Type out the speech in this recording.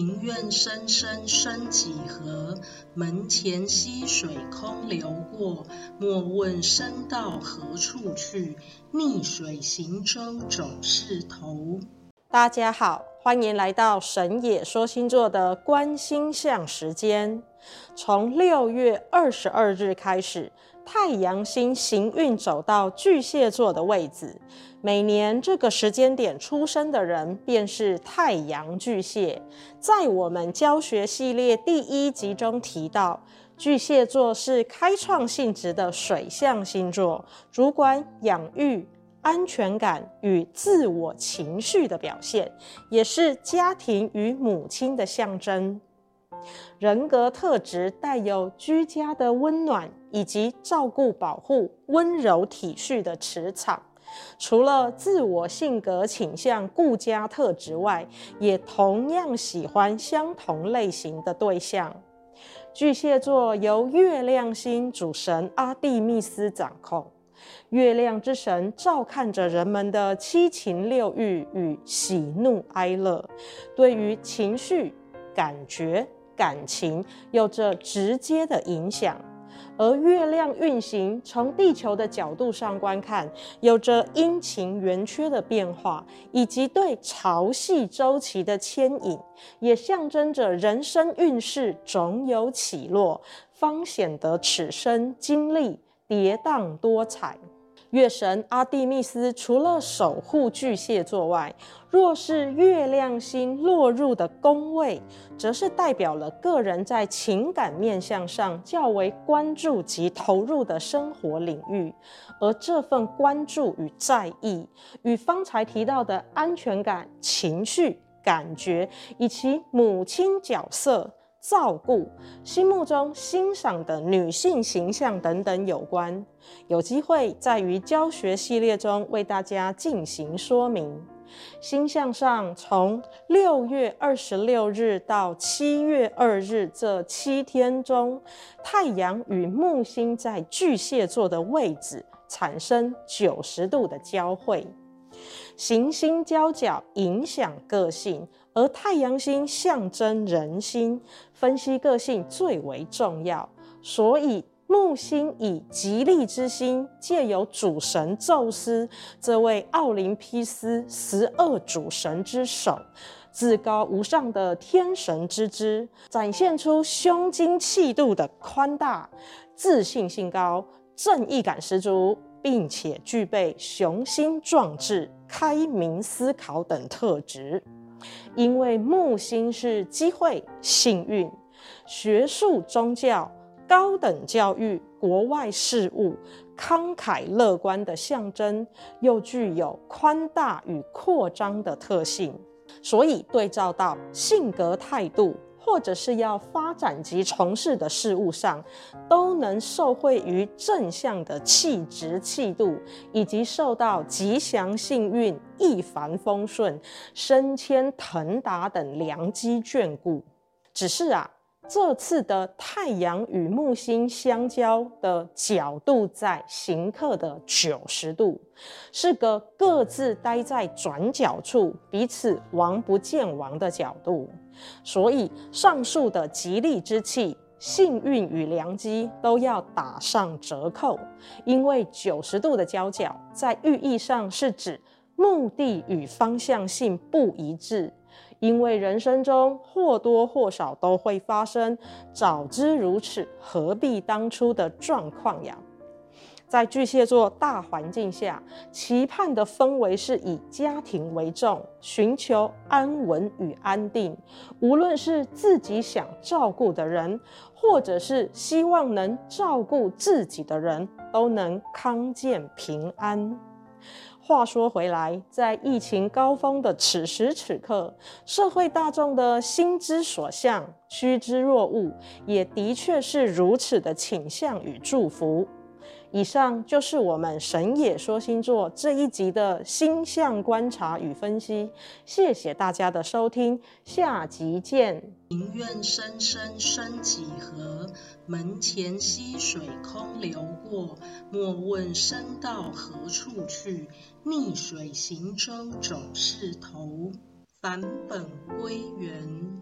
庭院深深深幾何？門前溪水空流過。莫問身到何處去，逆水行舟總是頭。大家好，歡迎來到神野說星座的觀星象時間。從六月二十二日開始。太陽星行運走到巨蟹座的位置，每年這個時間點出生的人便是太陽巨蟹。在我們教學系列第一集中提到，巨蟹座是開創性質的水象星座，主管養育、安全感與自我情緒的表現，也是家庭與母親的象徵。人格特質帶有居家的溫暖以及照顧保護、溫柔體恤的磁場。除了自我性格傾向顧家特質外，也同樣喜歡相同類型的對象。巨蟹座由月亮星主神阿蒂密斯掌控，月亮之神照看着人們的七情六欲與喜怒哀樂，對於情緒感覺，感情有着直接的影響，而月亮運行從地球的角度上觀看，有着陰晴圓缺的變化，以及對潮汐週期的牽引，也象徵着人生運勢總有起落，方顯得此生經歷跌宕多彩。月神阿蒂密斯除了守護巨蟹座外，若是月亮星落入的宮位，則是代表了個人在情感面向上較為關注及投入的生活領域，而這份關注與在意，與方才提到的安全感、情緒、感覺以及母親角色。照顧心目中欣賞的女性形象等等有關，有機會再於教學系列中為大家進行說明。星象上，從六月二十六日到七月二日這七天中，太陽與木星在巨蟹座的位置產生九十度的交匯，行星交角影響個性。而太陽星象徵人心，分析個性最為重要。所以木星以吉利之星，借由主神宙斯，這位奧林匹斯十二主神之首，至高無上的天神之姿，展現出胸襟氣度的寬大、自信性高、正義感十足，並且具備雄心壯志、開明思考等特質。因為木星是機會、幸運、學術、宗教、高等教育、國外事務、慷慨樂觀的象徵，又具有寬大與擴張的特性，所以對照到性格態度。或者是要發展及從事的事物上，都能受惠於正向的氣質、氣度，以及受到吉祥、幸運、一帆風順、升遷騰達等良機眷顧。只是啊。這次的太陽與木星相交的角度在刑剋的九十度，是個各自待在轉角處，彼此王不見王的角度，所以上述的吉利之氣、幸運與良機都要打上折扣，因為九十度的交角在寓意上是指目的與方向性不一致。因為人生中或多或少都會發生，早知如此，何必當初的狀況呀。在巨蟹座大環境下，期盼的氛圍是以家庭為重，尋求安穩與安定。無論是自己想照顧的人，或者是希望能照顧自己的人，都能康健平安。話說回來，在疫情高峰的此時此刻，社會大眾的心之所向、趨之若鶩，也的確是如此的傾向與祝福。以上就是我們神野說星座這一集的星象觀察與分析。謝謝大家的收聽，下集見。庭院深深深幾何，門前溪水空流過。莫問身到何處去，逆水行舟總是頭。返本歸元。